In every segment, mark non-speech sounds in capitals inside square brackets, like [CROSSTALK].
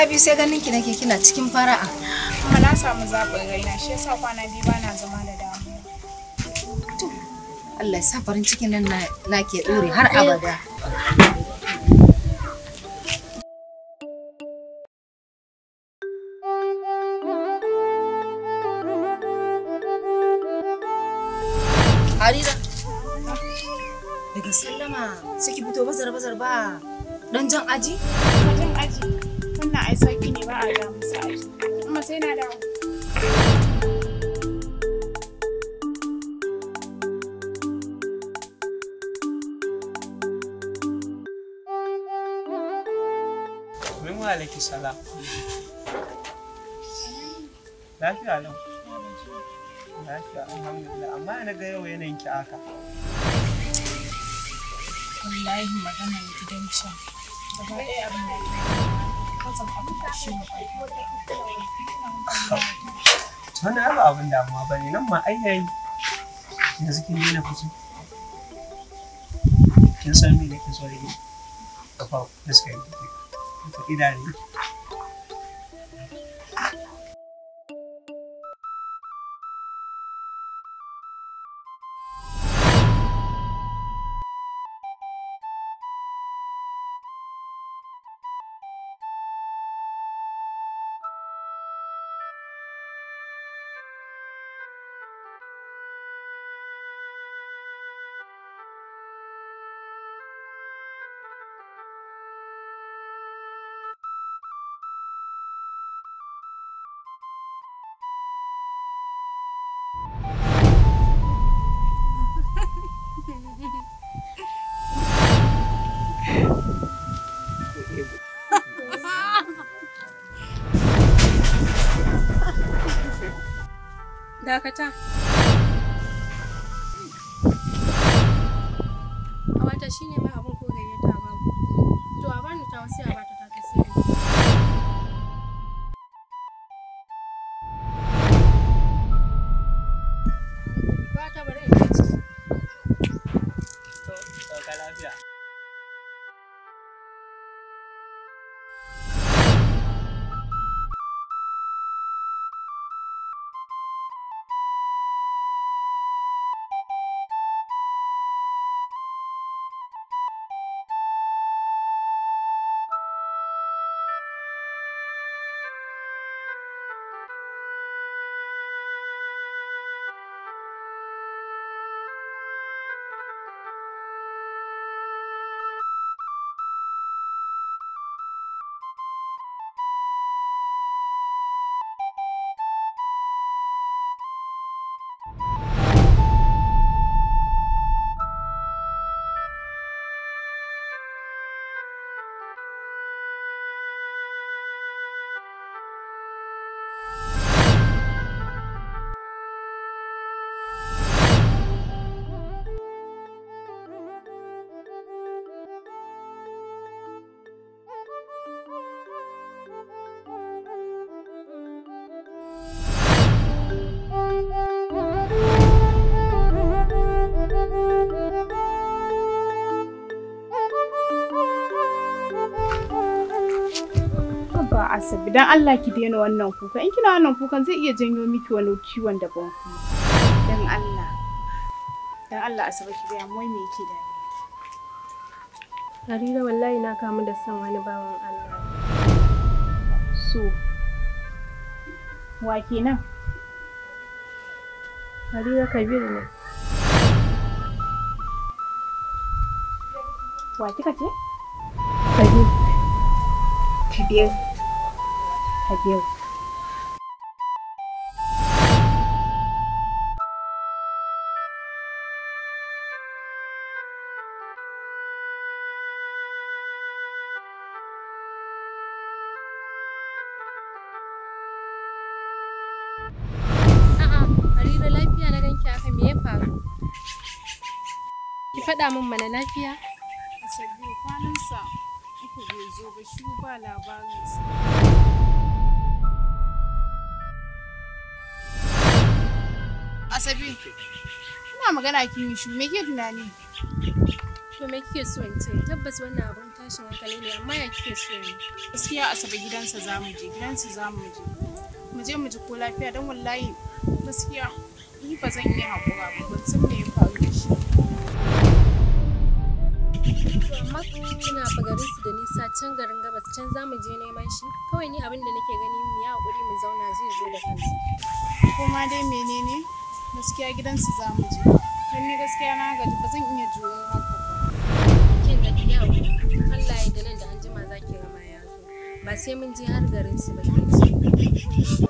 kwana biyu sai ganin ki nake kina cikin fara'a. Amma na samu zaɓin raina shi yasa kwana biyu ba na zama da damuwa. Allah ya sa farin cikin nan na ke ɗore har abada. Hariza. Daga sallama sai ki fito bazar bazar ba. Dan jan aji? Jan aji. wannan ai sauki ne ba a da musu ai amma sai na dawo Min sala. Lafiya Lafiya alhamdulillah amma na ga yau yanayin ki haka. Wallahi maganar gidan can. Gaba ɗaya abin da Wani ba abin damuwa ba ne nan ma ai yayi yanzu kin daina kusa. Kin san me nake so da ni? Kafa fuskar ki. Ka idanu. dakata asabi dan Allah ki daina wannan kuka in kina wannan kukan zai iya janyo miki wani ciwon da ban ku dan Allah dan Allah asabi ki gaya mai me yake da Harira wallahi na kamu da san wani bawan Allah so wa kenan Harira Kabir ne wa kika ce Kabir Kabir Habibu. Ki faɗa min mana lafiya? Asabi kwanansa uku bai zo ba shi ba labarinsa. Asabe. Ina magana kin yi shiru me ke tunani? To me kike so in ce? Tabbas wannan abun tashin hankali ne amma ya kike so ni? Gaskiya Asabe gidansa za mu je, gidansa za mu je. Mu je mu ji ko lafiya don wallahi gaskiya ni ba zan iya hakura ba ban san me ya faru da shi. amma ina fa garin su da nisa can garin gabas can za mu je neman shi kawai ni abin da nake gani mu ya haƙuri mu zauna zai zo da kansa. Kuma dai menene? gaskiya gidansu za mu je don ni gaskiya na gaji ba zan iya juyo haka ba kin ga yau Allah ya da nan da anjima zaki rama ya ba sai mun je har garin su ba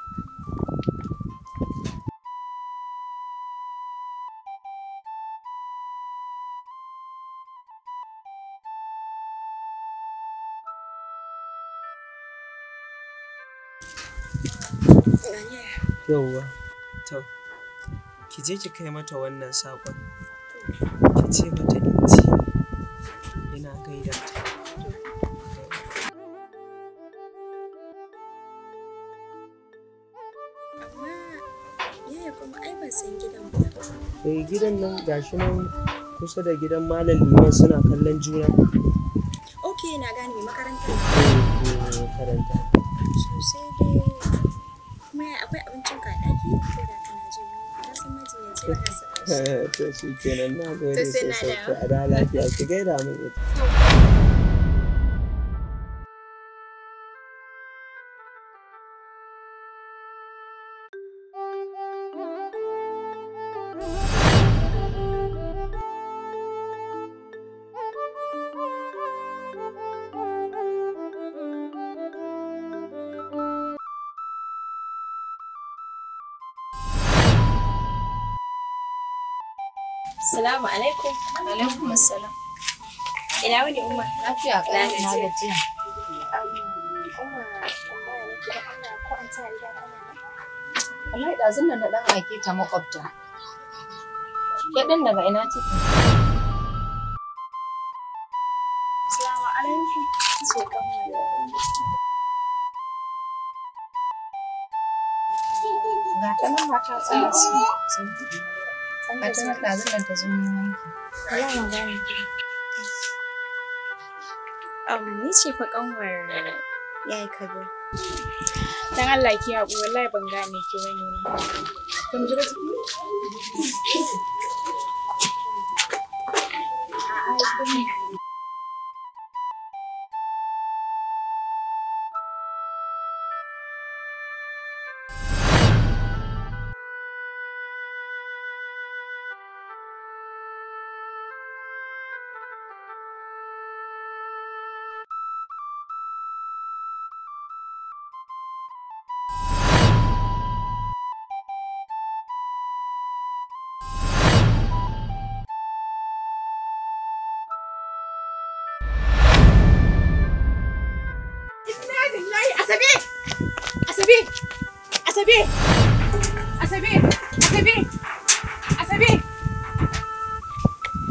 Yauwa. To, ki je ki kai mata wannan saƙon. Ki ce mata in ci. Ina gaida ta. Eh, gidan nan gashi nan kusa da gidan Malam Liman suna kallon juna. Ok, na gane makaranta. Eh, eh, makaranta. [LAUGHS] to shi kenan na gode sosai a da lafiya ki gaida mu Assalamu alaikum. Alaikum assalam. Ina wani umma? Lafiya ƙarar na gajiya. Umma, ko an ta riga kana nan? Wallahi ɗazun nan na ɗan ake ta maƙwabta. Ke ɗin daga ina ciki? Salamu alaikum. Ce Ga ta nan mata tsaya su. a tana ɗazun nan ta zo neman ki ni ce fa ya yi kazo dan Allah ki haƙu wallahi ban gane ki bane kun ji a'a